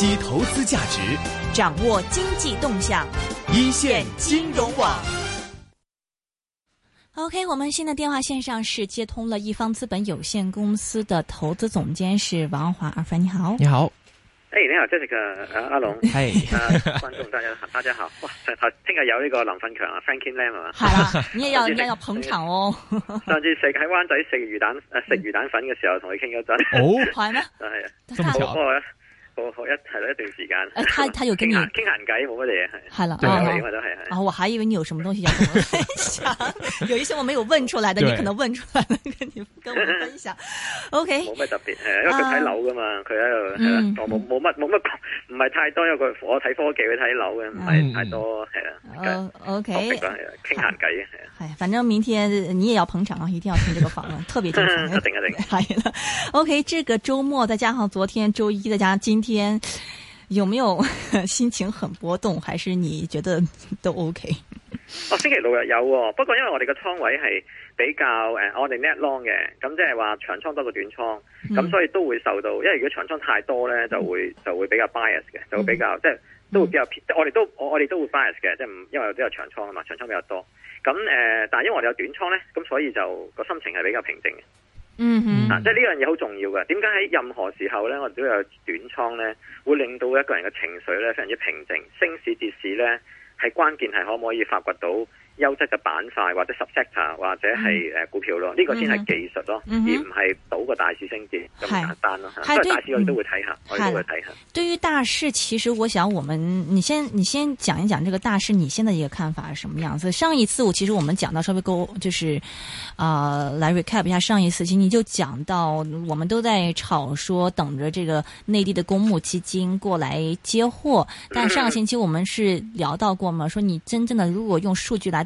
積投資價值，掌握經濟動向，一線金融網。OK，我們現在電話線上是接通了一方資本有限公司的投資總監是王華阿凡，你好，你好，哎，hey，你好，這是個阿龍，係 Hey.、啊、觀眾大家大家好哇，聽日有呢個林奮強啊，Franklin，Lam 係嘛？係啦， 你也要應該 要，要捧場哦。上次食喺灣仔食魚蛋呃食、嗯啊、魚蛋粉嘅時候，同佢傾咗陣，哦，係咩？係啊，學一係咯，一段時間。佢佢有跟你傾閒偈，冇乜嘢係。係啦，對嘅都係係。我還以為你有什麼東西要跟我分享，有一些我沒有問出來的，你可能問出來了，跟你跟我分享。O K。冇乜特別，誒，因為佢睇樓噶嘛，佢喺度，我冇乜冇乜，唔係太多，因為佢我睇科技，佢睇樓嘅，唔係太多，係啊。O O K。傾閒偈嘅係啊。唉，反正明天你也要捧場啊，一定要聽這個訪問，特別精彩。一定一定，係啦。O K，這個周末再加上昨天周一，再加上今。今天有沒有心情很波動，還是你覺得都 OK？哦，星期六日有、哦，不過因為我哋嘅倉位係比較誒、呃，我哋 net long 嘅，咁即係話長倉多過短倉，咁、嗯、所以都會受到，因為如果長倉太多咧，就會就會比較 bias 嘅，就會比較即係、嗯、都會比較、嗯、我哋都我我哋都會 bias 嘅，即係唔因為有比較長倉啊嘛，長倉比較多，咁誒、呃，但係因為我哋有短倉咧，咁所以就個心情係比較平靜嘅。嗯，嗱，即係呢樣嘢好重要嘅。點解喺任何時候呢，我哋都有短倉呢，會令到一個人嘅情緒呢非常之平靜。升市跌市呢，係關鍵，係可唔可以發掘到優質嘅板塊或者十 sector 或者係股票咯，呢、嗯、個先係技術咯，嗯、哼而唔係賭個大市升跌咁是簡單咯。大市我哋都會睇下，是我哋都會睇下。對於大市，其實我想我們你先你先講一講這個大市，你現在嘅看法是什麼樣子？上一次我其實我們講到稍微過，就是啊、呃，來 recap 一下上一次，其實你就講到我們都在炒，說等着這個內地的公募基金過來接貨。但上個星期我們是聊到過嘛， 說你真正的如果用數據來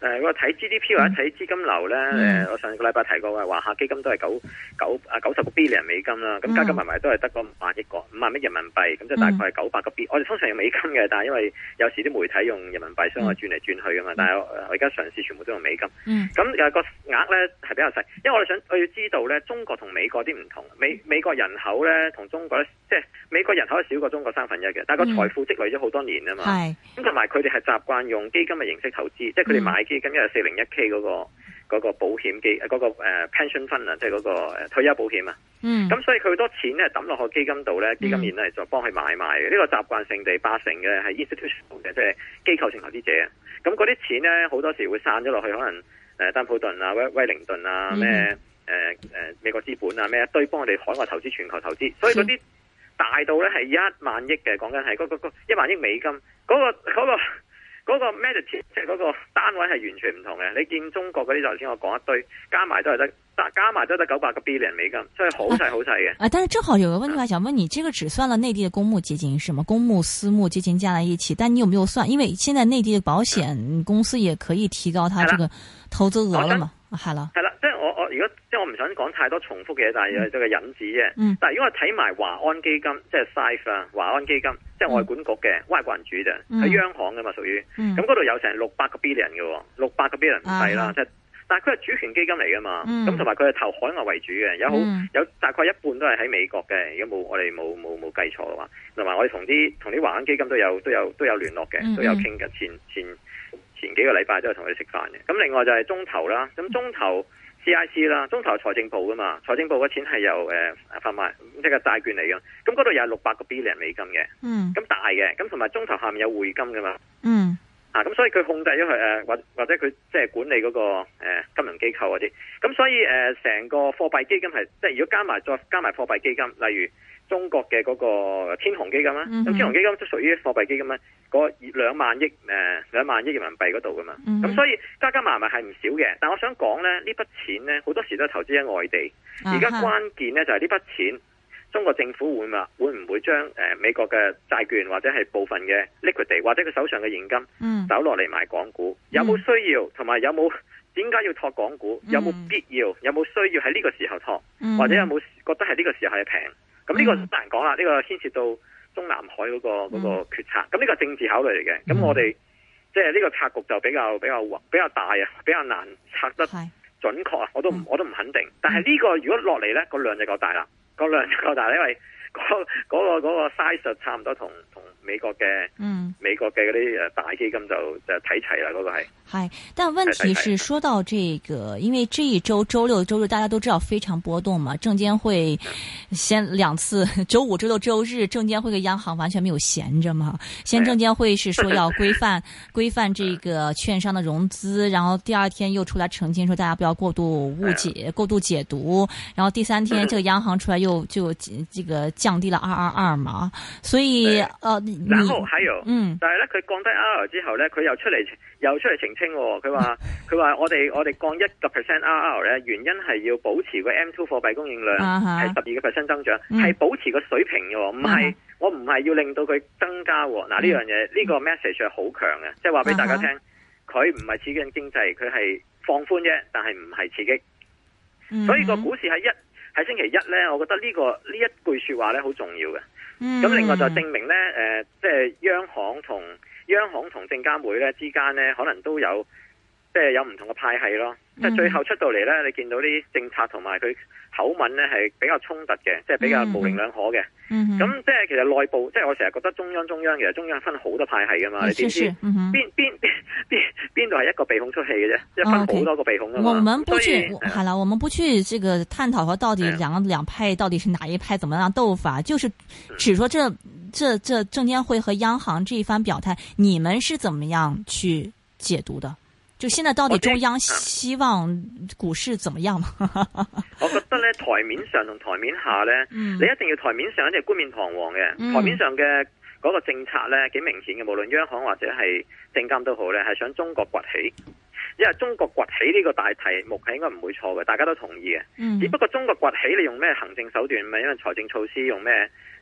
誒，我睇 GDP 或者睇資金流咧，嗯、我上個禮拜提過嘅，華夏基金都係九九啊九十個 billion 美金啦，咁加加埋埋都係得五萬億個五萬蚊人民幣，咁即係大概係九百個 b、嗯。我哋通常用美金嘅，但係因為有時啲媒體用人民幣，所以我轉嚟轉去啊嘛。但係我而家嘗試全部都用美金。咁又、嗯、個額咧係比較細，因為我哋想我要知道咧，中國同美國啲唔同。美美國人口咧同中國咧，即係美國人口少過中國三分一嘅，但係個財富積累咗好多年啊嘛。咁同埋佢哋係習慣用基金嘅形式投資，嗯、即係佢哋買。基金又四零一 K 嗰個嗰個保險基嗰個誒 pension fund 啊，即係嗰個退休保險啊。嗯。咁所以佢好多錢咧抌落去基金度咧，基金員咧就幫佢買賣嘅。呢個習慣性地八成嘅係 institutional 嘅，即係機構性投資者。咁嗰啲錢咧好多時會散咗落去可能誒丹普頓啊、威威靈頓啊、咩誒誒美國資本啊咩一堆，幫我哋海外投資、全球投資。所以嗰啲大到咧係一萬億嘅，講緊係個個一萬億美金嗰個嗰個。嗰個嗰個嗰個嗰個即係嗰個單位係完全唔同嘅，你見中國嗰啲就頭先我講一堆，加埋都係得，加埋都得九百個 billion 美金，所以好細好細嘅。啊，但是正好有個問題話想問、啊、你，這個只算了內地嘅公募基金是嗎？公募、私募基金加在一起，但你有沒有算？因為現在內地嘅保險公司也可以提高他這個投資額了嘛？係、啊、了。如果即係我唔想講太多重複嘅嘢，但係都係引子啫。嗯、但係如果我睇埋華安基金，即係 SAFE 啊，華安基金即係外管局嘅、嗯、外國人主嘅，喺央行嘅嘛，屬於咁嗰度有成六百個 billion 嘅，六百個 billion 係啦，即係、啊就是、但係佢係主權基金嚟噶嘛，咁同埋佢係投海外為主嘅，有好有大概一半都係喺美國嘅，如果冇我哋冇冇冇計錯嘅話，同埋我哋同啲同啲華安基金都有都有都有聯絡嘅，都有傾偈、嗯、前前前幾個禮拜都係同佢哋食飯嘅。咁另外就係中投啦，咁中投。嗯 C I C 啦，中投係財政部噶嘛，財政部嗰錢係由誒、呃、發埋即係債券嚟噶，咁嗰度又係六百個 billion 美金嘅，嗯、mm.，咁大嘅，咁同埋中投下面有匯金噶嘛，嗯，mm. 啊，咁所以佢控制咗佢誒，或或者佢即係管理嗰、那個誒、呃、金融機構嗰啲，咁所以誒成、呃、個貨幣基金係即係如果加埋再加埋貨幣基金，例如中國嘅嗰個天弘基金啦，咁、mm hmm. 天弘基金都屬於貨幣基金啦。個兩萬億誒，兩、呃、萬億人民幣嗰度噶嘛，咁、mm hmm. 嗯、所以加加埋埋係唔少嘅。但係我想講咧，呢筆錢呢筆錢咧好多時都投資喺外地。而家、uh huh. 關鍵咧就係呢筆錢，中國政府會唔會唔會唔會將誒美國嘅債券或者係部分嘅 liquidity 或者佢手上嘅現金、mm hmm. 走落嚟買港股？有冇需要同埋有冇？點解要托港股？Mm hmm. 有冇必要？有冇需要喺呢個時候托？Mm hmm. 或者有冇覺得係呢個時候係平？咁呢、呢個、mm hmm. 難講啦。呢、呢個牽涉到。中南海嗰個嗰個決策，咁呢、嗯、個政治考慮嚟嘅。咁、嗯、我哋即係呢個拆局就比較比較比較大啊，比較難拆得準確啊，我都唔、嗯、我都唔肯定。但係呢個如果落嚟呢，個量就夠大啦，個量就夠大，啦，因為。嗰 個嗰 size 差唔多同同美國嘅，嗯，美國嘅嗰啲誒大基金就就睇齊啦，嗰個係係，但問題是說到這個，因為這一周周六周日大家都知道非常波動嘛，證監會先兩次，周五周六周日，證監會嘅央行完全沒有閒着嘛。先證監會是說要規範規範這個券商的融資，然後第二天又出來澄清，說大家不要過度誤解 過度解讀，然後第三天這個央行出來又就這個。降低啦 R R R 嘛，所以，呃，然後還有，嗯，但係咧佢降低 R R 之後咧，佢又出嚟又出嚟澄清，佢話佢話我哋我哋降一個 percent R R 咧，原因係要保持個 M two 貨幣供應量係十二個 percent 增長，係保持個水平嘅，唔係我唔係要令到佢增加，嗱呢樣嘢呢個 message 係好強嘅，即係話俾大家聽，佢唔係刺激經濟，佢係放寬啫，但係唔係刺激，所以個股市係一。喺星期一呢，我覺得呢、呢個呢一句説話呢好重要嘅。咁另外就證明呢，呃、即係央行同央行同證監會呢之間呢，可能都有即係有唔同嘅派系咯。嗯、最後出到嚟呢，你見到啲政策同埋佢口吻呢，係比較衝突嘅，即係比較模棱兩可嘅。咁、嗯嗯、即係其實內部，即係我成日覺得中央中央，其實中央分好多派系噶嘛，嗯、你知唔知？邊邊邊邊邊度係一個鼻孔出氣嘅啫，一分好多個鼻孔啊嘛。不去好以、嗯、了，我們不去這個探討和到底兩兩派到底是哪一派怎麼樣鬥法，嗯、就是只說這這這證監會和央行這一番表態，你們是怎麼樣去解讀的？就現在到底中央希望股市怎麼樣嗎我？我覺得咧台面上同台面下咧， 嗯、你一定要台面上一定要冠冕堂皇嘅。嗯、台面上嘅嗰個政策咧幾明顯嘅，無論央行或者係證監都好咧，係想中國崛起，因為中國崛起呢個大題目係應該唔會錯嘅，大家都同意嘅。嗯、只不過中國崛起你用咩行政手段，咪因為財政措施用咩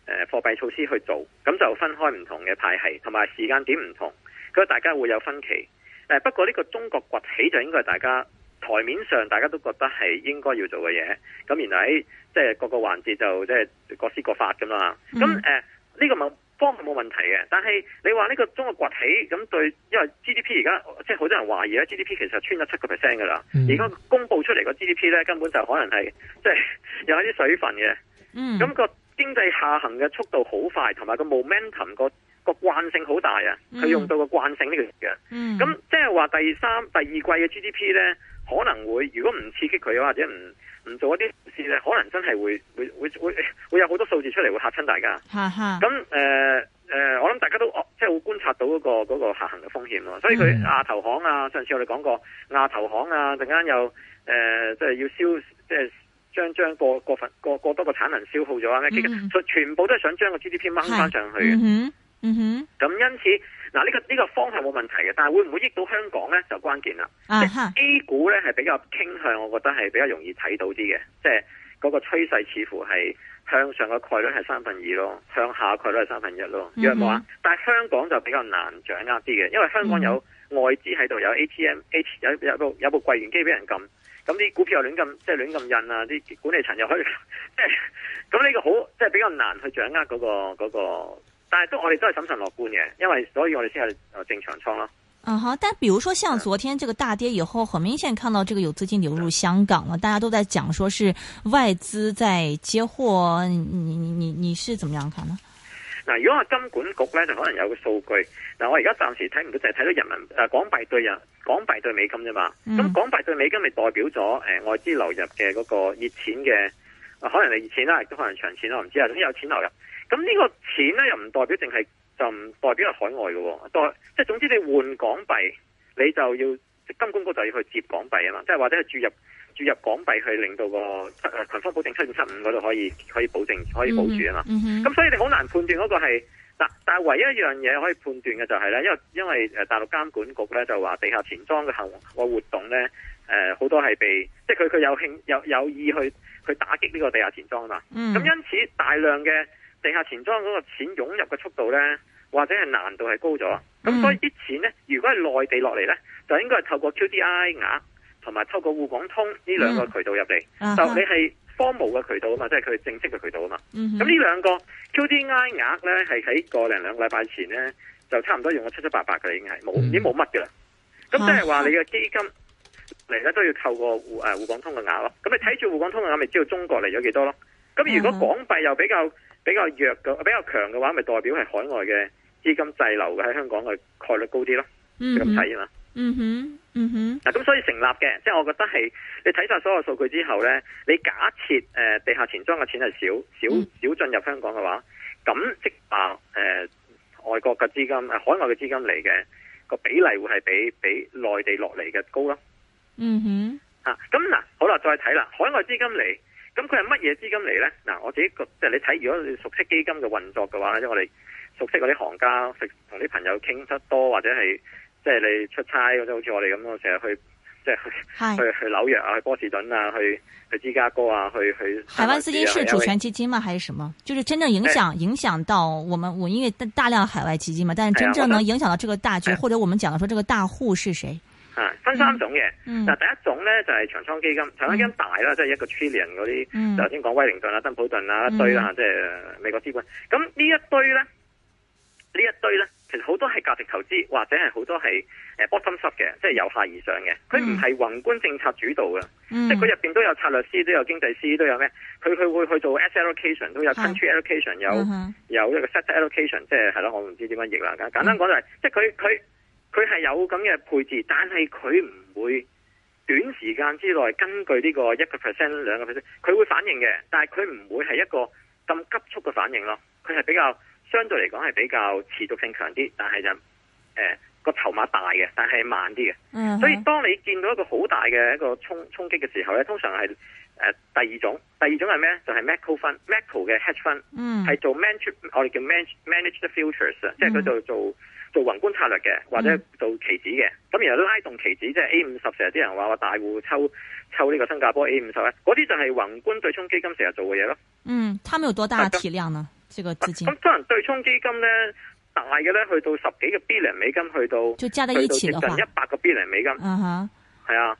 誒貨幣措施去做，咁就分開唔同嘅派系，同埋時間點唔同，咁大家會有分歧。誒，不過呢個中國崛起就應該係大家台面上大家都覺得係應該要做嘅嘢，咁然後喺即係各個環節就即係、就是、各施各法咁啦。咁誒，呢、呃這個方法冇問題嘅，但係你話呢個中國崛起咁對，因為 G D P 而家即係好多人懷疑咧，G D P 其實穿咗七個 percent 噶啦，嗯、而家公布出嚟個 G D P 咧根本就可能係即係有一啲水分嘅。嗯，咁個經濟下行嘅速度好快，同埋個 momentum 個。個慣性好大啊，佢用到個慣性呢件事嘅。咁即係話第三第二季嘅 GDP 呢，可能會，如果唔刺激佢啊，或者唔唔做一啲事呢，可能真係會會會會會有好多數字出嚟，會嚇親大家。咁誒誒，我諗大家都即係會觀察到嗰個嗰個下行嘅風險咯。所以佢、嗯、亞投行啊，上次我哋講過亞投行啊，陣間又誒即係要消即係將將過過份過過多個產能消耗咗啊。其實嗯嗯全部都係想將個 GDP 掹翻上去嘅。嗯，咁因此嗱，呢個呢個方向冇問題嘅，但係會唔會益到香港咧，就關鍵啦。即、啊、哈 A 股咧係比較傾向，我覺得係比較容易睇到啲嘅，即係嗰個趨勢似乎係向上嘅概率係三分二咯，向下概率係三分一咯，樣冇啊？但係香港就比較難掌握啲嘅，因為香港有外資喺度，有 ATM，有有，有，有部有部櫃員機俾人撳，咁啲股票又亂咁即係亂咁印啊，啲管理層又可以即係，咁 呢個好即係比較難去掌握嗰個嗰個但係都我哋都係審慎樂觀嘅，因為所以我哋先係誒正常倉咯。嗯哈，但係比如說像昨天這個大跌以後，很明顯看到這個有資金流入香港啦，大家都在講說是外資在接貨，你你你你是怎麼樣看呢？嗱，如果係金管局咧，就可能有個數據。嗱，我而家暫時睇唔到，就係、是、睇到人民誒港幣兌人港幣兌美金啫嘛。咁、嗯、港幣兌美金咪代表咗誒外資流入嘅嗰個熱錢嘅，可能係熱錢啦，亦都可能長錢啦，我唔知啊。總之有錢流入。咁呢個錢咧又唔代表淨係就唔代表係海外嘅、哦，代即係總之你換港幣，你就要即金管局就要去接港幣啊嘛，即係或者係注入注入港幣去令到個誒強方保證七點七五嗰度可以可以保證可以保住啊嘛，咁、mm hmm. 所以你好難判斷嗰個係，但但係唯一一樣嘢可以判斷嘅就係、是、咧，因為因為誒大陸監管局咧就話地下錢莊嘅行為活動咧誒好多係被即係佢佢有興有有意去去打擊呢個地下錢莊啊嘛，咁、mm hmm. 因此大量嘅。地下錢莊嗰個錢湧入嘅速度呢，或者係難度係高咗，咁、嗯、所以啲錢呢，如果係內地落嚟呢，就應該係透過 QDII 額同埋透過滬港通呢兩個渠道入嚟、嗯。就你係 formal 嘅渠道啊嘛，即係佢係正式嘅渠道啊嘛。咁呢兩個 QDII 額咧，係喺個零兩個禮拜前呢，就差唔多用咗七七八八嘅，已經係冇已經冇乜嘅啦。咁即係話你嘅基金嚟咧都要透過滬誒滬港通嘅額咯。咁你睇住滬港通嘅額，咪知道中國嚟咗幾多咯？咁如果港幣又比較、mm hmm. 比較弱嘅比較強嘅話，咪代表係海外嘅資金滯留嘅喺香港嘅概率高啲咯，咁睇啊嘛，嗯、hmm. 哼，嗯哼、mm，嗱、hmm. 咁、mm hmm. 所以成立嘅，即、就、係、是、我覺得係你睇晒所有數據之後咧，你假設誒、呃、地下錢莊嘅錢係少少、mm hmm. 少進入香港嘅話，咁即係誒、呃、外國嘅資金、呃、海外嘅資金嚟嘅個比例會係比比內地落嚟嘅高咯，嗯哼、mm，吓咁嗱好啦，再睇啦，海外資金嚟。咁佢係乜嘢資金嚟咧？嗱、啊，我自己覺即係你睇，如果你熟悉基金嘅運作嘅話咧，即係我哋熟悉嗰啲行家，食同啲朋友傾得多，或者係即係你出差或者好似我哋咁咯，成日去即係去去去紐約啊，去波士頓啊，去去芝加哥啊，去去資。台灣資金是主權基金嗎？還是什麼？就是真正影響、哎、影響到我們，我因為大量海外基金嘛，但是真正能影響到這個大局，哎、呀或者我們講到說這個大戶是誰？啊，分三種嘅，嗱、嗯嗯、第一種咧就係、是、長倉基金，長倉基金大啦，嗯、即係一個 trillion 嗰啲，就頭先講威靈頓啦、登普頓啦、嗯、一堆啦，即、就、係、是、美國資本。咁呢、嗯、一堆咧，呢一堆咧，其實好多係價值投資，或者係好多係誒 bottom up 嘅，即、就、係、是、由下而上嘅。佢唔係宏觀政策主導嘅，嗯、即係佢入面都有策略師、都有經濟師、都有咩？佢佢會去做 asset allocation，都有 country allocation，是有、uh huh. 有一個 sector allocation，即係係咯，我唔知點樣譯啦。簡單講就係，嗯、即係佢佢。佢係有咁嘅配置，但係佢唔會短時間之內根據呢個一個 percent 兩個 percent，佢會反應嘅，但係佢唔會係一個咁急速嘅反應咯。佢係比較相對嚟講係比較持續性強啲，但係就誒個籌碼大嘅，但係慢啲嘅。嗯、mm，hmm. 所以當你見到一個好大嘅一個衝衝擊嘅時候咧，通常係誒、呃、第二種，第二種係咩？就係、是、Macro Fund Macro 嘅 Hedge Fund、mm，嗯，係做 Manage 我哋叫 Manage Manage the Futures、mm hmm. 即係佢就做。做做宏觀策略嘅，或者做期指嘅，咁、嗯、然後拉動期指，即係 A 五十，成日啲人話話大戶抽抽呢個新加坡 A 五十咧，嗰啲就係宏觀對沖基金成日做嘅嘢咯。嗯，他們有多大體量呢？但這個資金？咁可能對沖基金咧，大嘅咧，去到十幾個 billion 美金，去到就加在一起嘅話，近一百個 billion 美金。嗯哼哈，係啊。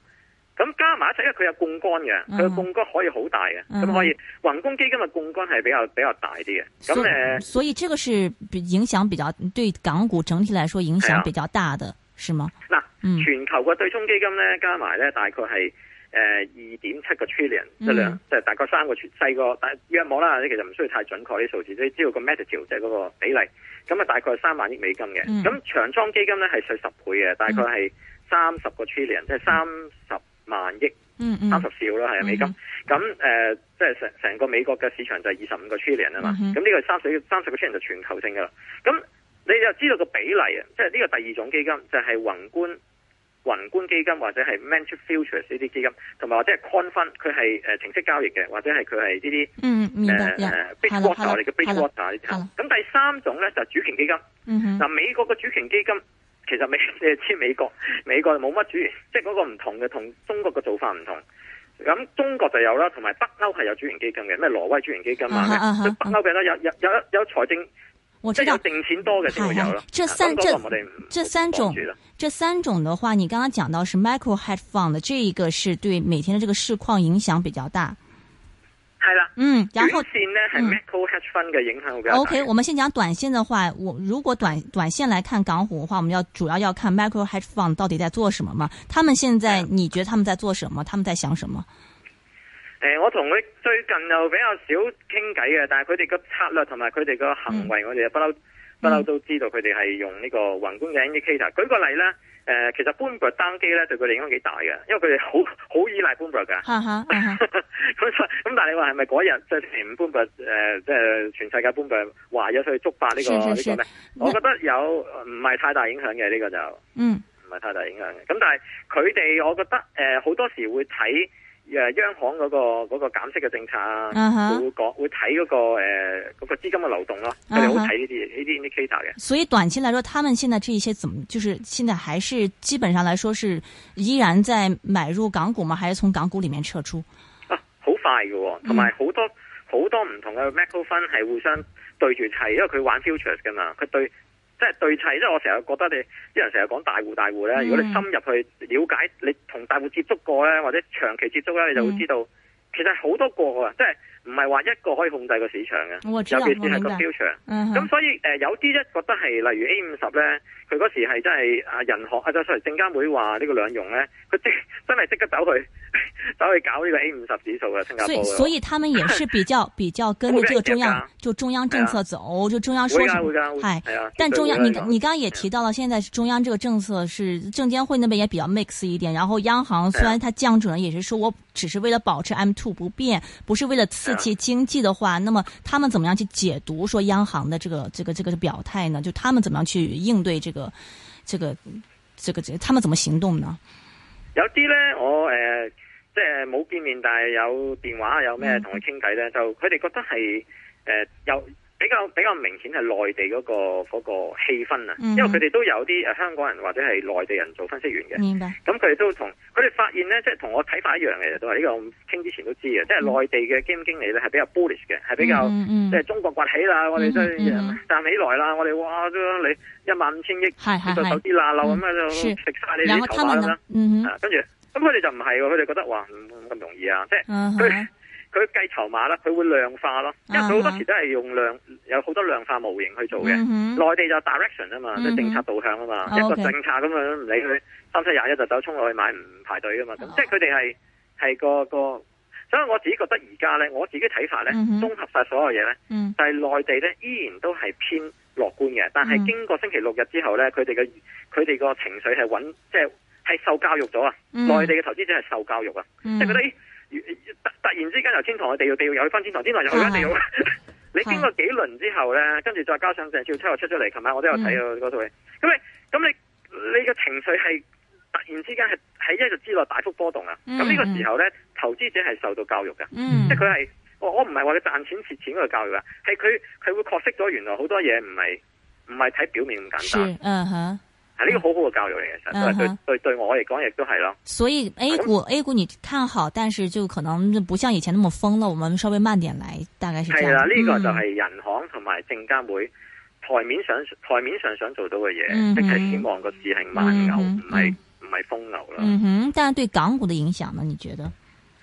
咁加埋一齊，因為佢有槓桿嘅，佢嘅槓桿可以好大嘅，咁、嗯嗯、可以。宏觀基金嘅槓桿係比較比較大啲嘅。咁誒，所以呢、嗯、個是影響比較對港股整體嚟說影響比較大嘅，是，啊、是嗎？嗱、啊、嗯、全球嘅對沖基金咧加埋咧，大概係誒二點七個 trillion 質量、嗯，即係大概三個細個，但約莫啦，你其實唔需要太準確啲數字，你只要個 ratio 即係嗰個比例。咁啊、嗯嗯、大概三萬億美金嘅。咁長莊基金咧係十十倍嘅，大概係三十個 trillion，即係三十。萬億三十兆啦，係啊、嗯嗯、美金。咁誒、嗯，即係成成個美國嘅市場就係二十五個 trillion 啊嘛。咁呢、嗯、個三十三十個 trillion 就全球性噶啦。咁你又知道個比例啊？即係呢個第二種基金就係宏觀宏觀基金或者係 managed futures 呢啲基金，同埋或者係 confine 佢係誒程式交易嘅，或者係佢係呢啲誒 big water 我哋嘅 big water 咁第三種咧就係、主權基金。嗱、嗯、美國嘅主權基金。其實美誒，你知美國，美國冇乜主權，即係嗰個唔同嘅，同中國嘅做法唔同。咁、嗯、中國就有啦，同埋北歐係有主權基金嘅，咩挪威主權基金啊，北歐嗰邊有有有有財政，即係有定錢多嘅先會有啦。這三個我哋，這三種，這三種嘅話，你剛剛講到是 micro hedge a fund，這一個是對每天嘅這個市況影響比較大。係啦，嗯，然後線呢係 Macro Hedge Fund 嘅影響㗎，o、嗯、K，、okay，我們先講短線的話，我如果短短線來看港股的話，我們要主要要看 Macro Hedge Fund 到底在做什麼嘛？他們現在、嗯、你覺得他們在做什麼？他們在想什麼？誒、嗯嗯呃，我同佢最近又比較少傾偈嘅，但係佢哋個策略同埋佢哋個行為，我哋不嬲不嬲都知道佢哋係用呢個宏觀嘅 indicator。舉個例啦。誒、呃，其實 Bloomberg 單機咧對佢哋影響幾大嘅，因為佢哋好好依賴 Bloomberg 噶。咁， 但係你話係咪嗰日即係前五 Bloomberg 即係全世界 Bloomberg、呃、Bloomberg 話要去觸發呢個呢個咧？我覺得有唔係但 太大影響嘅呢、呢個就，嗯，唔係太大影響嘅。咁但係佢哋，我覺得好、呃、多時會睇。誒央行嗰、那個嗰、那個減息嘅政策啊、uh huh.，會睇嗰、那個誒嗰、呃那個資金嘅流動咯，佢哋好睇呢啲呢啲 indicator 嘅。Huh. 所以短期嚟說，他們現在這些怎麼，就是現在還是基本上來說是依然在買入港股嘛，還是從港股裏面撤出？好、啊、快喎、哦！嗯、同埋好多好多唔同嘅 macro fund 係互相對住齊，因為佢玩 futures 嘅嘛，佢對。即係對砌，即我成日覺得你啲人成日講大戶大戶咧，如果你深入去了解，你同大戶接觸過咧，或者長期接觸咧，你就會知道，其實好多個啊，即係。唔係話一個可以控制個市場嘅，我知道尤其是係目標場。咁、嗯、所以誒、呃，有啲咧覺得係例如 A 五十咧，佢嗰時係真係啊人行啊，就嚟證監會話呢個兩融咧，佢即真係即刻走去走去搞呢個 A 五十指數嘅新加坡。所以所以，所以他們也是比較 比較跟着這個中央就中央政策走，啊、就中央說，什麼，係、啊。啊、是會但中央，啊、你你剛剛也提到了，現在中央這個政策是證監會那邊也比較 mix 一點，然後央行雖然佢降準準，也是說我只是為了保持 M two 不變，不是為了刺。經濟的話，那麼他們怎麼樣去解讀說央行的這個、這個、這個表態呢？就他們怎麼樣去應對這個、這個、這個？這個、他們怎麼行動呢？有啲呢，我誒，即係冇見面，但係有電話，有咩同佢傾偈咧，他嗯、就佢哋覺得係誒、呃、有。比較比較明顯係內地嗰個嗰個氣氛啊，因為佢哋都有啲誒香港人或者係內地人做分析員嘅。明白。咁佢哋都同佢哋發現咧，即係同我睇法一樣嘅，其實都係呢個我傾之前都知嘅，即係內地嘅基金經理咧係比較 bullish 嘅，係比較即係中國崛起啦，我哋都站起來啦，我哋哇都你一萬五千億，你就手啲爛漏咁樣就食晒你啲籌碼啦。嗯哼。跟住，咁佢哋就唔係，佢哋覺得哇咁咁容易啊，即係佢。佢計籌碼啦，佢會量化咯，因為佢好多時都係用量，有好多量化模型去做嘅。內、嗯、哼地就 direction 啊嘛，即係、嗯、哼政策導向啊嘛，嗯、哼一個政策咁樣唔理佢、嗯、哼三七廿一就走衝落去買，唔排隊㗎嘛。嗯、哼即係佢哋係係個個，所以我自己覺得而家咧，我自己睇法咧，綜、嗯、哼合晒所有嘢咧，嗯、哼但係內地咧依然都係偏樂觀嘅。但係經過星期六日之後咧，佢哋嘅佢哋個情緒係穩，即係係受教育咗啊！內、嗯、哼地嘅投資者係受教育啊，嗯、哼即係覺得突突然之間由天堂嘅地獄，地獄又去翻天堂，天堂又翻地獄。是是 你經過幾輪之後咧，是跟住再加上鄭少秋又出咗嚟，琴晚我都有睇到嗰套嘢。咁、嗯、你咁你你嘅情緒係突然之間係喺一日之內大幅波動啊！咁呢、嗯、個時候咧，投資者係受到教育嘅，嗯、即係佢係我我唔係話佢賺錢蝕錢個教育啊，係佢佢會確識咗原來好多嘢唔係唔係睇表面咁簡單啊係呢個好好嘅教育嚟嘅，其實在、uh huh. 對對對我嚟講亦都係咯。所以 A 股、嗯、A 股你看好，但是就可能不像以前那麼瘋啦，我們稍微慢點嚟，大概是咁。係啦了，呢、嗯、個就係人行同埋證監會台面上台面上想做到嘅嘢，uh huh. 即係希望個市係慢牛，唔係唔係瘋牛啦。Uh huh. 但係對港股的影響呢？你覺得？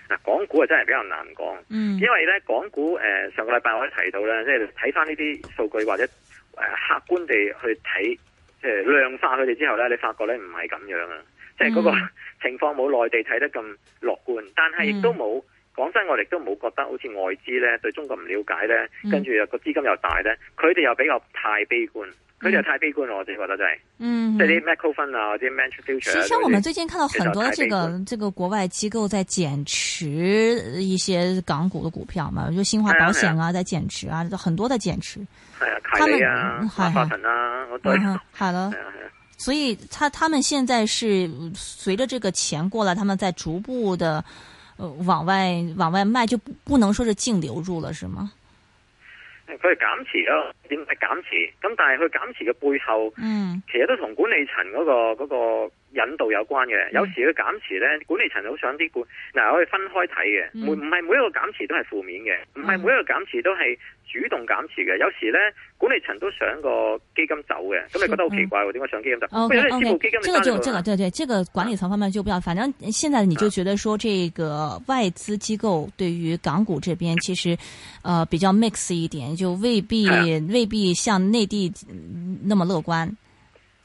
嗱、啊，港股啊真係比較難講，uh huh. 因為咧港股誒、呃、上個禮拜我都提到咧，即係睇翻呢啲數據或者誒、呃、客觀地去睇。誒量化佢哋之後咧，你發覺咧唔係咁樣啊，即係嗰個情況冇內地睇得咁樂觀，mm. 但係亦都冇講真，我哋都冇覺得好似外資咧對中國唔了解咧，跟住個資金又大咧，佢哋又比較太悲觀。佢就太悲觀咯，我哋覺得真係，即係啲 Macro Fund 啊，Manufacture 其實我們最近看到很多這個這個國外機構在減持一些港股的股票嘛，就新華保險啊，在減持啊，很多的減持。係啊，泰然啊，花啊，我了，所以他他們現在是隨着這個錢過來，他們在逐步的往外往外賣，就不不能說是淨流入了，是嗎？佢係減持咯，點係減持？咁但係佢減持嘅背後，嗯，其實都同管理層嗰個、嗰個。引導有關嘅，有時嘅減持咧，管理層都想啲管，嗱，我哋分開睇嘅，唔唔係每一個減持都係負面嘅，唔係每一個減持都係主動減持嘅，啊、有時咧管理層都想個基金走嘅，咁你、啊、覺得好奇怪喎？點解想基金走？哦 OK，OK 就即個對對即個管理層方面就比一反正、啊、現在你就覺得說，這個外資機構對於港股這邊其實，呃，比較 mix 一點，就未必、啊、未必像內地那麼樂觀。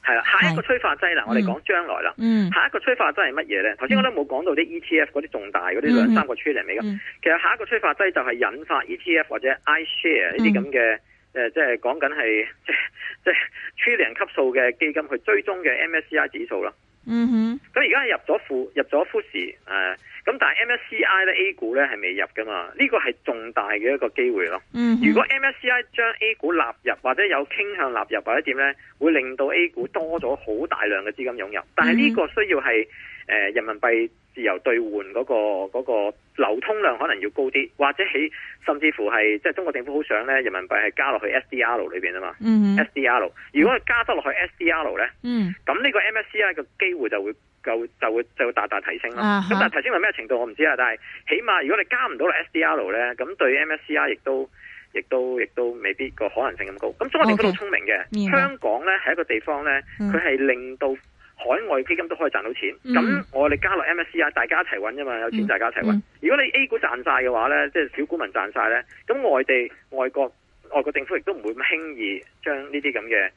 係啦，下一個催化劑啦，是我哋講將來啦。嗯，下一個催化劑係乜嘢咧？頭先我都冇講到啲 ETF 嗰啲重大嗰啲兩三個 trillion 嚟噶。嗯、其實下一個催化劑就係引發 ETF 或者 iShare 呢啲咁嘅，誒、嗯呃，即係講緊係即係即係 trillion 級數嘅基金去追蹤嘅 MSCI 指數啦嗯哼，咁而家入咗富入咗富時誒。呃咁、嗯、但係 MSCI 咧 A 股咧係未入噶嘛？呢、這個係重大嘅一個機會咯。嗯哼，如果 MSCI 將 A 股納入或者有傾向納入或者點咧，會令到 A 股多咗好大量嘅資金湧入。但係呢個需要係誒、呃、人民幣自由兌換嗰、那個嗰、那個流通量可能要高啲，或者喺甚至乎係即係中國政府好想咧人民幣係加落去 SDR 裏邊啊嘛。嗯哼，SDR 如果係加得落去 SDR 咧，嗯，咁呢個 MSCI 嘅機會就會。就就會就會大大提升啦、uh huh. 但係提升到咩程度我唔知啊。但係起碼如果你加唔到落 SDR 咧，咁對 MSCI 亦都亦都亦都未必個可能性咁高。咁中國政府好聰明嘅，Okay. Yeah. 香港咧係一個地方咧，佢係令到海外基金都可以賺到錢。咁、mm. 我哋加落 MSCI，大家一齊揾啫嘛。有錢大家一齊揾。Mm. 如果你 A 股賺晒嘅話咧，即、就、係、是、小股民賺晒咧，咁外地外國外國政府亦都唔會咁輕易將呢啲咁嘅。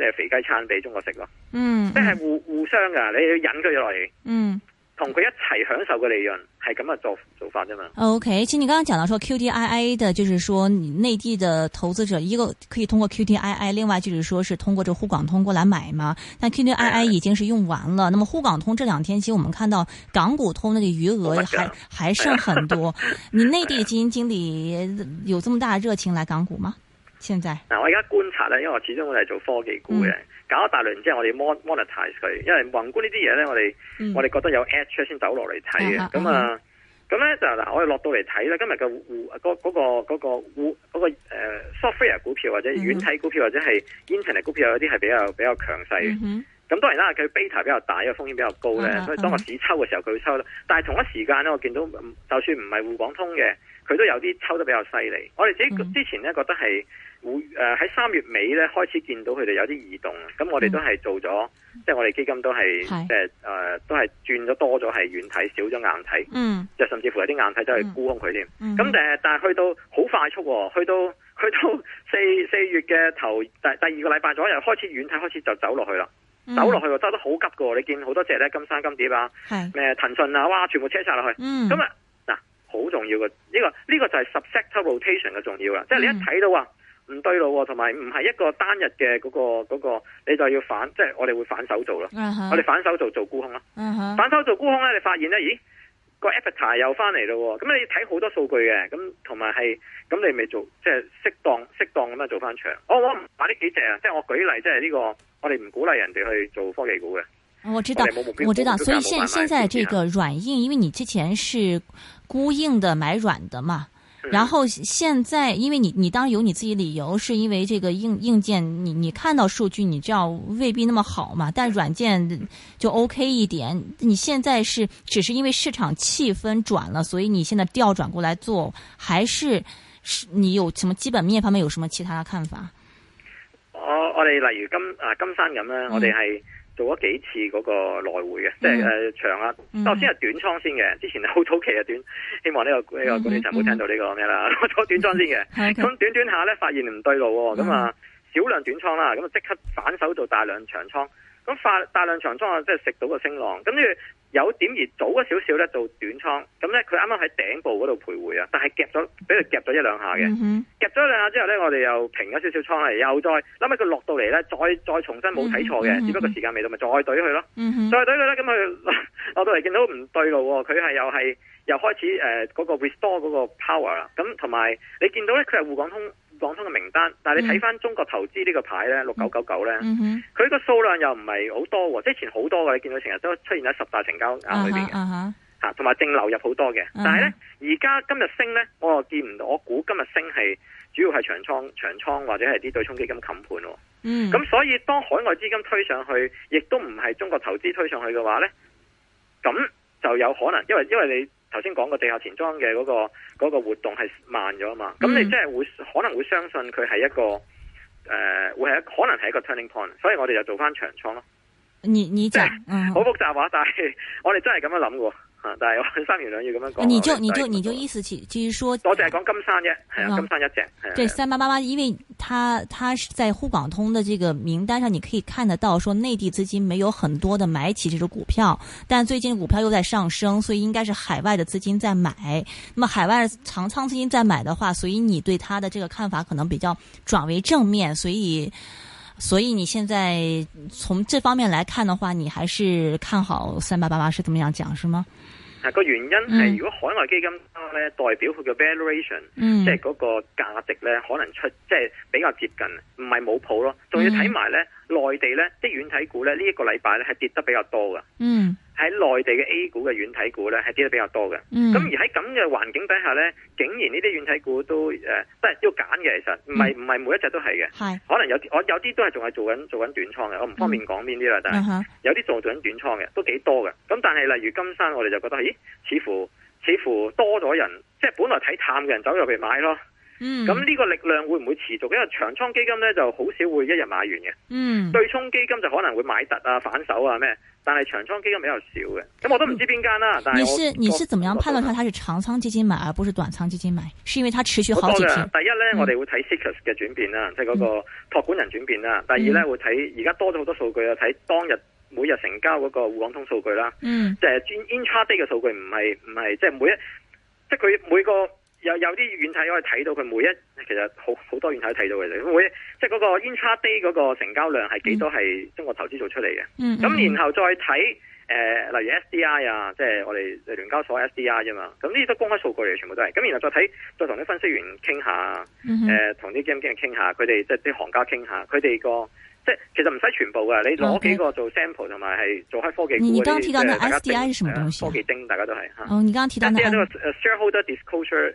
即係肥雞餐俾中國食咯。嗯，即係互互相噶，你要引佢落嚟，嗯，同佢一齊享受個利潤，係咁嘅做做法啫嘛。O K，其實你剛剛講到說 Q D I I 的，就是說你內地的投資者一個可以通過 Q D I I，另外就是說是通過這個滬港通過來買嘛。但 Q D I I 已經是用完了，的那麼滬港通這兩天其實我們看到港股通個餘額還還剩很多， 你內地的基金經理有這麼大熱情來港股嗎？現在嗱，我而家觀察咧，因為我始終我哋係做科技股嘅，搞咗大輪之後我哋 mon monetize 佢，因為宏觀呢啲嘢咧，我哋我哋覺得有 edge 先走落嚟睇嘅，咁啊，咁咧就嗱，我哋落到嚟睇啦。今日嘅個個個誒 software 股票或者軟體股票或者係 internet 股票有啲係比較比較強勢嘅，咁當然啦，佢 beta 比較大，因為風險比較高咧，所以當個市抽嘅時候佢會抽咯，但係同一時間咧，我見到就算唔係滬港通嘅，佢都有啲抽得比較犀利，我哋自己之前咧覺得係。會誒喺三月尾咧開始見到佢哋有啲移動，咁我哋都係做咗，嗯、即係我哋基金都係，即係誒都係轉咗多咗係軟體，少咗硬體，嗯，即係甚至乎有啲硬體都係沽空佢添，咁、嗯嗯、但係但係去到好快速、哦，去到去到四四月嘅頭第第二個禮拜左右開始軟體開始就走落去啦、嗯，走落去又揸得好急噶，你見好多隻咧，金山金碟啊咩騰訊啊，哇，全部車晒落去，咁啊嗱，好重要嘅呢、這個呢、這個就係 sub-sector rotation 嘅重要啦，嗯、即係你一睇到啊。唔對路喎，同埋唔係一個單日嘅嗰、嗰個嗰、嗰個，你就要反，即係我哋會反手做咯。Uh huh. 我哋反手做做沽空咯，uh huh. 反手做沽空咧，你發現咧，咦，個 appetite 又翻嚟咯。咁你睇好多數據嘅，咁同埋係，咁你咪做，即係適當適當咁樣做翻長、uh huh. 哦。我我唔買呢幾隻啊，即係我舉例，即係呢、這個，我哋唔鼓勵人哋去做科技股嘅。我知道，我，我知道，所以現在現在這個軟硬，因為你之前是沽硬的買軟的嘛。然後現在，因為你你當然有你自己理由，是因為這個硬硬件，你你看到數據，你知道未必那麼好嘛。但軟件就 OK 一點。你現在是只是因為市場氣氛轉了，所以你現在調轉過來做，還是是？你有什麼基本面方面有什麼其他的看法？我我哋例如金啊，金山咁咧，我哋係。嗯做咗幾次嗰個來回嘅，即係誒、呃、長啊！我、嗯、先係短倉先嘅，之前好早期嘅短，希望呢、呢個呢、呢個觀眾冇聽到呢個咩啦，我做、嗯嗯、 短倉先嘅。咁、嗯、短短下咧，發現唔對路、哦，咁啊少量短倉啦，咁啊即刻反手做大量長倉。咁發大量長倉啊，即係食到個升浪。咁跟住有點而早咗少少咧，做短倉。咁咧佢啱啱喺頂部嗰度徘徊啊，但係夾咗，俾佢夾咗一兩下嘅，嗯、哼夾咗兩下之後咧，我哋又平咗少少倉嚟，又再諗下佢落到嚟咧，再再重新冇睇錯嘅，嗯、哼只不過時間未到咪再對佢咯。嗯哼再對佢呢，咁佢落到嚟見到唔對路，佢係又係又開始誒嗰、呃嗰個 restore 嗰個 power 啦。咁同埋你見到咧，佢係滬港通。港通嘅名單，但係你睇翻中國投資呢個牌呢，六九九九呢，佢個、嗯嗯、數量又唔係好多喎，之前好多嘅，見到成日都出現喺十大成交額裏邊嘅，同埋淨流入好多嘅，但係呢，而家今日升呢，我又見唔到，我估今日升係主要係長倉、長倉或者係啲對沖基金冚盤、哦，嗯，咁所以當海外資金推上去，亦都唔係中國投資推上去嘅話呢，咁就有可能，因為因為你。頭先講個地下錢莊嘅嗰、那個那個活動係慢咗啊嘛，咁你即係會可能會相信佢係一個誒、呃、會係可能係一個 turning point，所以我哋就做翻長倉咯。你、你就、嗯好複雜話，但係我哋真係咁樣諗嘅。啊！但係我三言兩語咁樣講，你就你就你就意思其，就是說，我就係講金山啫，係啊、嗯，金山一隻，係啊。對，三八八八，因為他他是在滬港通的這個名單上，你可以看得到，說內地資金沒有很多的買起這隻股票，但最近股票又在上升，所以應該是海外的資金在買。那麼海外長倉資金在買的話，所以你對他的這個看法可能比較轉為正面，所以。所以你現在從這方面來看的話，你還是看好三八八八是怎麼樣講，是嗎？個原因係如果海外基金咧代表佢嘅 valuation，即係嗰個價值咧可能出即係、就是、比較接近，唔係冇譜咯。仲、嗯、要睇埋咧內地咧即係軟體股咧呢一、這個禮拜咧係跌得比較多噶。嗯。喺內地嘅 A 股嘅軟體股咧，係跌得比較多嘅。咁、嗯、而喺咁嘅環境底下咧，竟然呢啲軟體股都誒，即、呃、係要揀嘅。其實唔係唔係每一隻都係嘅。係、嗯，可能有我有啲都係仲係做緊做緊短倉嘅，我唔方便講邊啲啦。但係有啲做緊短倉嘅，都幾多嘅。咁但係例如金山，我哋就覺得咦，似乎似乎多咗人，即係本來睇淡嘅人走入嚟買咯。嗯，咁呢個力量會唔會持續？因為長倉基金咧就好少會一日買完嘅。嗯，對沖基金就可能會買突啊、反手啊咩，但係長倉基金比較少嘅。咁我都唔知邊間啦。你是我你是怎麼樣判斷佢，它我是長倉基金買，而不是短倉基金買？是因為它持續好幾天、啊。第一咧，嗯、我哋會睇 Sikers 嘅轉變啦，即係嗰個托管人轉變啦。第二咧，會睇而家多咗好多數據啊，睇當日每日成交嗰個滬港通數據啦。嗯，就係 intraday 嘅數據，唔係唔係即係每一，即係佢每個。有有啲遠睇可以睇到佢每一，其實好好多遠睇睇到嘅，每一即係嗰個 intraday 嗰個成交量係幾多係中國投資做出嚟嘅。咁然後再睇誒，例如 SDI 啊，即係我哋聯交所 SDI 啫嘛。咁呢啲都公開數據嚟，全部都係。咁然後再睇，再同啲分析員傾下，同啲基金傾下，佢哋即係啲行家傾下，佢哋個即係其實唔使全部㗎。你攞幾個做 sample 同埋係做開科技股。你剛提到嗰個 SDI 係乜嘢東西？科技丁大家都係㗎。你剛提到呢個 shareholder disclosure。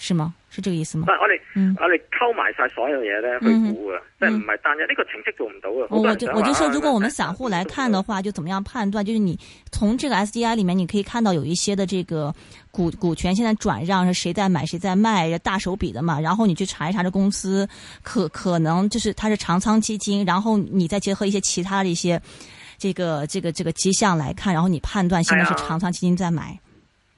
是嗎？是這個意思嗎？不，嗯、我哋我哋溝埋晒所有嘢呢，去估啊、嗯、即係唔係單一呢、嗯、個程式做唔到噶。我我就我就說，如果我們散戶來看的話，嗯、就怎麼樣判斷？就是你從這個 SDI 裏面，你可以看到有一些的這個股股權現在轉讓，是誰在買，誰在賣，大手筆的嘛。然後你去查一查這公司，可可能就是它是長倉基金。然後你再結合一些其他的一些這個這個、這個、這個跡象來看，然後你判斷現在是長倉基金在買。哎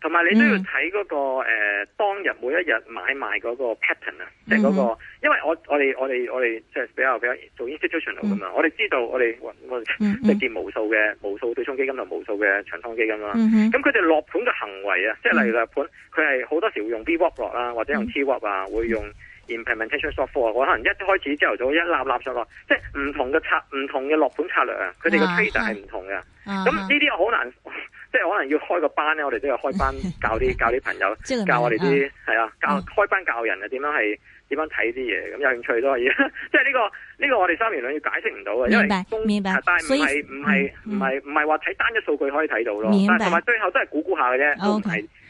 同埋你都要睇嗰、嗰個誒、mm hmm. 呃、當日每一日買賣嗰個 pattern 啊，即係嗰個，mm hmm. 因為我我哋我哋我哋即係比較比較做 institutional 㗎嘛，mm hmm. 我哋知道我哋、mm hmm. 我即係見無數嘅無數對沖基金同無數嘅長倉基金啦。咁佢哋落盤嘅行為啊，即係例如落盤，佢係好多時會用 VWAP 落啦，或者用 TWAP 啊，mm hmm. 會用 implementation shortfall，我可能一開始朝頭早一立立索落，即係唔同嘅策唔同嘅落盤策略啊，佢哋嘅 pattern 係唔同嘅。咁呢啲好難。Uh huh. 即係可能要開個班咧，我哋都要開班教啲教啲朋友，教我哋啲係啊，教開班教人啊，點樣係點樣睇啲嘢，咁有興趣都可以即係呢個呢個我哋三言兩語解釋唔到嘅，因為封面但係，唔係唔係唔係唔係話睇單一數據可以睇到咯，同埋最後都係估估下嘅啫，都唔係。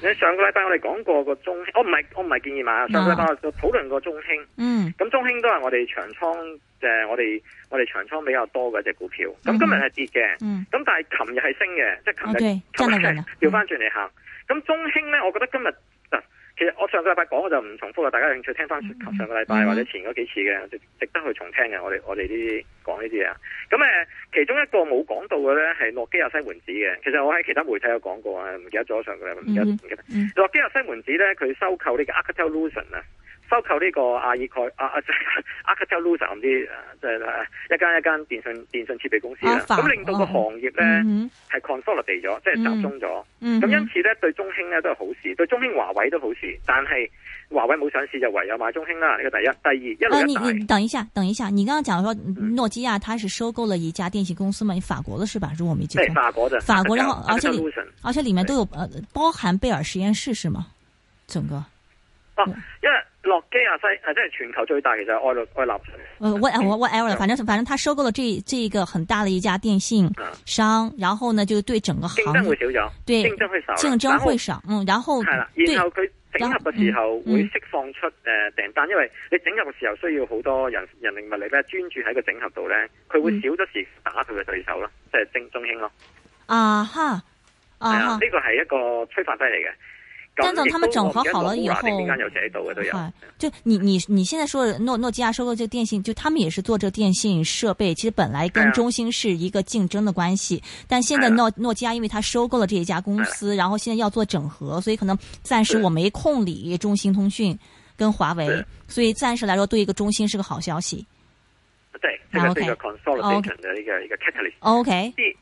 你上個禮拜我哋講過個中興，我唔係我唔係建議買啊。上個禮拜我討論過中興，嗯咁中興都係我哋長倉，即、呃、係我哋我哋長倉比較多嘅一隻股票。咁今日係跌嘅，嗯咁但係琴日係升嘅，嗯、即係琴日，okay，真係調翻轉嚟行。咁、嗯、中興咧，我覺得今日。其實我上個禮拜講，我就唔重複啦，大家有興趣聽翻上個禮拜或者前嗰幾次嘅，值、mm hmm. 值得去重聽嘅。我哋我哋啲講呢啲嘢，咁誒,其中一個冇講到嘅咧係諾基亞西門子嘅。其實我喺其他媒體有講過啊，唔記得咗上個禮拜，唔記得。諾、mm hmm. 基亞西門子咧，佢收購呢個 Alcatel-Lucent 啊。收購呢個阿爾蓋阿阿即係阿卡特魯薩啲，即、啊、係、啊啊啊啊啊啊啊、一間一間電信電信設備公司啦。咁令到個行業咧係、嗯、哼 consolidate 咗，即係集中咗。咁、嗯嗯、因此咧，對中興咧都係好事，對中興華為都好事。但係華為冇上市就唯有買中興啦。呢個第一，第二，一嚟、啊、你你等一下，等一下，你剛剛講到諾基亞它是收購了一家電信公司嘛？你法國的是吧？如果唔係即係法國的法國然後、啊、而且而且裏面都有，的包含貝爾實驗室是嗎？整個。哦，因為諾基亞西係即係全球最大，其實係愛立愛立信。嗯，what what whatever，反正反正佢收購咗這這一個很大的一家電信商，然後呢就對整個競爭會少咗，對競爭會少，競爭會少。嗯，然後係啦，然後佢整合嘅時候會釋放出誒訂單，因為你整合嘅時候需要好多人人力物力咧，專注喺個整合度呢佢會少咗時打佢嘅對手咯，即係爭中興咯。啊哈，啊，呢個係一個催化劑嚟嘅。但等他們整合好了以後，嗯、就你你你現在說諾諾基亞收購這個電信，就他們也是做這個電信設備，其實本來跟中興是一個競爭的關係，嗯、但現在諾諾基亞因為他收購了這一家公司，嗯、然後現在要做整合，嗯、所以可能暫時我沒空理中興通訊跟華為，是所以暫時來說對一個中興是個好消息。對，OK，OK。這個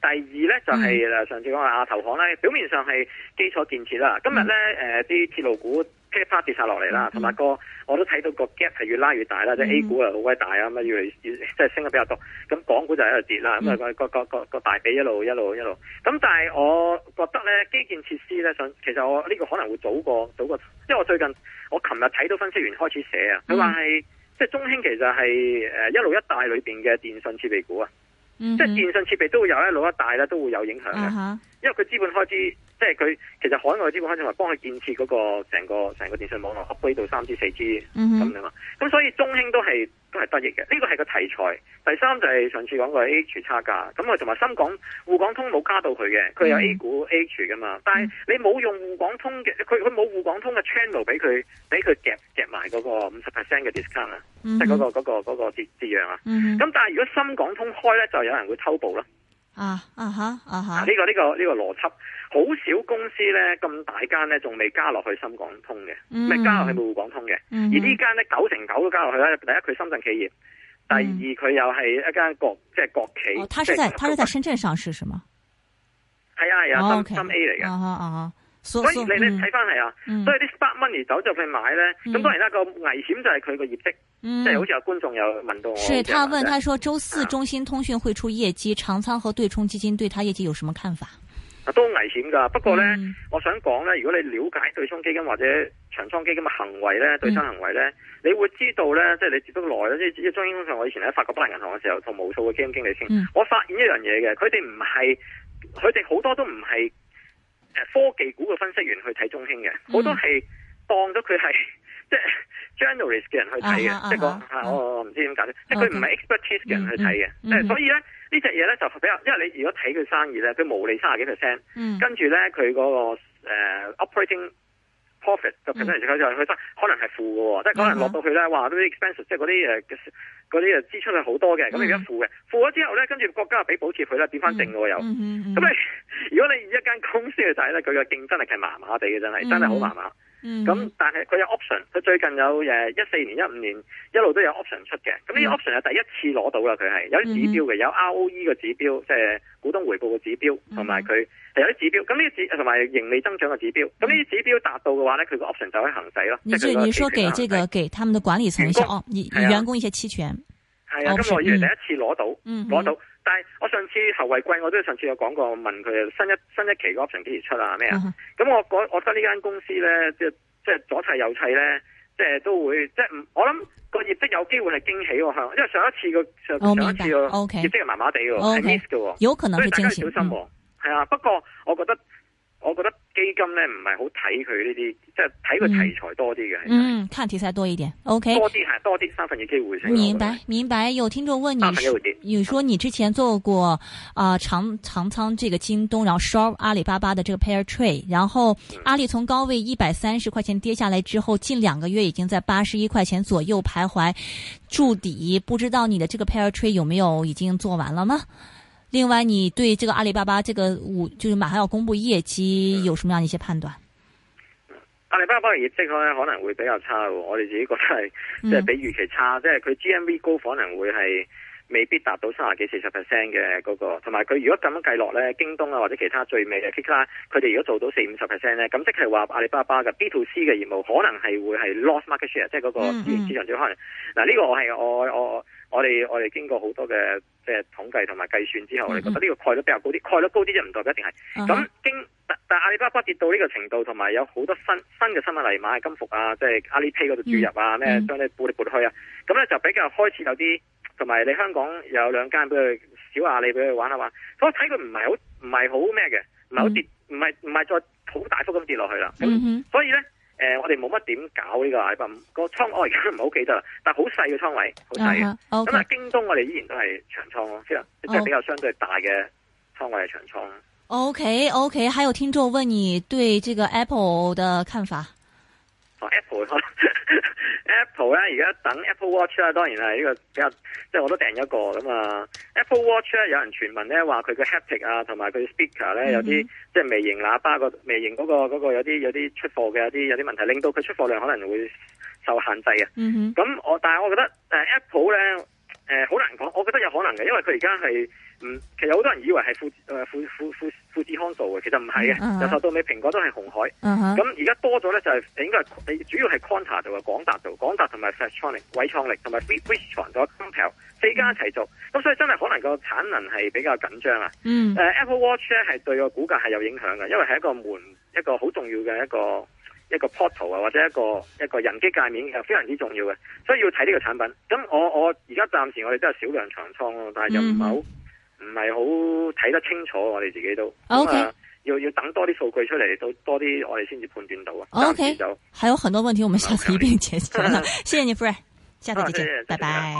第二咧就係、是、上次講話，亞投行咧表面上係基礎建設啦。今日咧誒啲鐵路股 pat pat 跌晒落嚟啦，同埋個我都睇到個 gap 係越拉越大啦，即係、嗯、A 股啊好鬼大啊，咁啊越嚟越即係升得比較多。咁港股就喺度跌啦，咁啊、嗯那個個個，個，個大髀一路一路一路。咁但係我覺得咧基建設施咧，想其實我呢個可能會早過早過，因為我最近我琴日睇到分析員開始寫啊，佢話係即係中興其實係一路一帶裏面嘅電信設備股啊。 即係電信設備都會有一老一大咧，都會有影響嘅，uh huh. 因為佢資本開支。即係佢其實海外資本開始話幫佢建設嗰個成個成個電信網絡，upgrade 到三 G, G、mm、四 G 咁啊嘛。咁、嗯、所以中興都係都係得益嘅。呢個係個題材。第三就係上次講個 H 差價。咁我同埋深港滬港通冇加到佢嘅，佢有 A 股、mm hmm. H 噶嘛。但係你冇用滬港通嘅，佢佢冇滬港通嘅 channel 俾佢俾佢夾夾埋嗰個五十 percent 嘅 discount 啊，即係嗰個嗰、那個嗰、那個折折讓啊。咁、mm hmm. 嗯、但係如果深港通開咧，就有人會偷步啦。Uh huh, uh huh. 啊啊啊呢個呢、這個呢、這個邏輯。好少公司咧，咁大間咧，仲未加落去深港通嘅，唔係加落去滬港通嘅。而呢間咧九成九都加落去啦。第一佢深圳企業，第二佢又係一間國即係國企。哦，他是在他是在深圳上市是嗎？係啊係啊，深 A 嚟嘅。所以你睇翻係啊，所以啲 spark money 走咗去買咧。咁當然啦，個危險就係佢個業績，即係好似有觀眾有問到我。所以他問他說：周四中興通訊會出業績，長倉和對沖基金對他業績有什麼看法？都危險噶，不過咧，我想講咧，如果你了解對沖基金或者長倉基金嘅行為咧，對沖行為咧，你會知道咧，即係你接咗耐啦。即係中興我以前喺法國巴黎銀行嘅時候，同無數嘅基金經理傾，我發現一樣嘢嘅，佢哋唔係，佢哋好多都唔係科技股嘅分析員去睇中興嘅，好多係當咗佢係即係 journalist 嘅人去睇嘅，即係講，我我唔知點解，即係佢唔係 expertise 嘅人去睇嘅，即係所以咧。呢隻嘢咧就比較，因為你如果睇佢生意咧，佢毛利三十幾 percent，跟住咧佢嗰個、uh, operating profit 就普通人講佢得，可能係負喎、嗯哼，即係可能落到去咧，哇嗰啲 expense 即係嗰啲誒嗰啲支出係好多嘅，咁而家負嘅，負咗之後咧，跟住國家又俾補貼佢呢，變翻正嘅又，咁你、嗯嗯、 如果你一間公司嘅仔咧，佢嘅競爭力係麻麻地嘅，真係、嗯、哼真係好麻麻。嗯，咁但係佢有 option，佢最近有誒一四年一五年一路都有 option 出嘅，咁呢個 option 係第一次攞到啦，佢係有啲指標嘅，有 ROE 嘅指標，即係股東回報嘅指標，同埋佢係有啲指標，咁呢啲指同埋盈利增長嘅指標，咁呢啲指標達到嘅話咧，佢個 option 就可以行使咯。即係你說給這個給他們的管理層一些，你員工一些期權，係啊，咁我以為第一次攞到，攞到。但係我上次侯衛貴我都上次有講過，問佢新一新一期個 option 幾時出啊？咩啊？咁、uh huh. 我我我覺得呢間公司咧，即即左砌右砌咧，即都會即唔，我諗個業績有機會係驚喜喎，因為上一次個上上一次個業績係麻麻地係 miss 嘅，Okay. 係有可能所以大家要小心喎、啊。係、嗯、啊，不過我覺得。我覺得基金呢，唔係好睇佢呢啲，即係睇佢題材多啲嘅。嗯,是是嗯，看題材多一點。O、okay、K，多啲係多啲三分嘅機會。明白，明白。有聽眾問你，你說你之前做過啊、呃、長長倉這個京東，然後 short 阿里巴巴的這個 pair trade 然後、嗯、阿里從高位一百三十塊錢跌下來之後，近兩個月已經在八十一塊錢左右徘徊築底，不知道你的這個 pair trade 有沒有已經做完了嗎？另外，你對這個阿里巴巴這個五，就是馬上要公布業績，有什麼樣的一些判斷啊？阿里巴巴嘅業績咧可能會比較差，我哋自己覺得係即係比預期差，嗯、即係佢 GMV 高可能會係未必達到三十幾四十 percent 嘅嗰個，同埋佢如果咁樣計落咧，京東啊或者其他最尾嘅 k i 其他，佢哋如果做到四五十 percent 咧，咁即係話阿里巴巴嘅 B to C 嘅業務可能係會係 loss market share，嗯嗯即係嗰個市場最可能。嗱、啊，呢、這個我係我我。我我哋我哋經過好多嘅即係統計同埋計算之後，我哋覺得呢個概率比較高啲，概率高啲啫，唔代表一定係。咁經但但阿里巴巴跌到呢個程度，同埋有好多新新嘅新聞螞蟻金服啊，即係阿里 Pay 嗰度注入啊，咩、嗯、將你撥嚟撥去啊，咁咧就比較開始有啲，同埋你香港有兩間俾佢小阿里俾佢玩下嘛。我睇佢唔係好唔係好咩嘅，唔係好跌，唔係唔係再好大幅咁跌落去啦。所以咧。哼誒、呃，我哋冇乜點搞呢、這個 iPhone、那個倉位，uh huh. okay. 我而家唔好記得啦，但係好細嘅倉位，好細咁啊，京東我哋依然都係長倉咯，即係即係比較相對大嘅倉位係長倉。Oh. OK OK，還有聽眾問你對這個 Apple 的看法。Apple，Apple 咧而家等 Apple Watch 啦，當然係呢、這個比較，即係我都訂咗一個㗎嘛。Apple Watch 咧，有人傳聞咧話佢嘅 Haptic 啊，同埋佢 Speaker 咧有啲、mm hmm. 即係微型喇叭個微型嗰、那個嗰、那個有啲有啲出貨嘅有啲有啲問題，令到佢出貨量可能會受限制啊。咁、mm hmm. 我但係我覺得誒、呃、Apple 咧誒好難講，我覺得有可能嘅，因為佢而家係。嗯，其實有好多人以為係富誒富富富富士康做嘅，其實唔係嘅。由、uh huh. 頭到尾，蘋果都係紅海。咁而家多咗咧、就係，就係應該係主要係 Quanta 做嘅，廣達度，廣達同埋 Flextronics 偉創力同埋 Wee Trans 咗 Compal 四家一齊做。咁所以真係可能個產能係比較緊張啊。誒、mm. uh, Apple Watch 咧係對個股價係有影響嘅，因為係一個門一個好重要嘅一個一個 portal 啊，或者一個一個人機界面，其實非常之重要嘅，所以要睇呢個產品。咁我我而家暫時我哋都係少量長倉咯，但係又唔係好。唔係好睇得清楚，我哋自己都 OK，嗯，要要等多啲數據出嚟，到多啲我哋先至判斷到啊。OK，就還有很多問題，我們下次一併解決。 謝謝你，夫人，下次再見，謝謝拜拜。謝謝拜拜。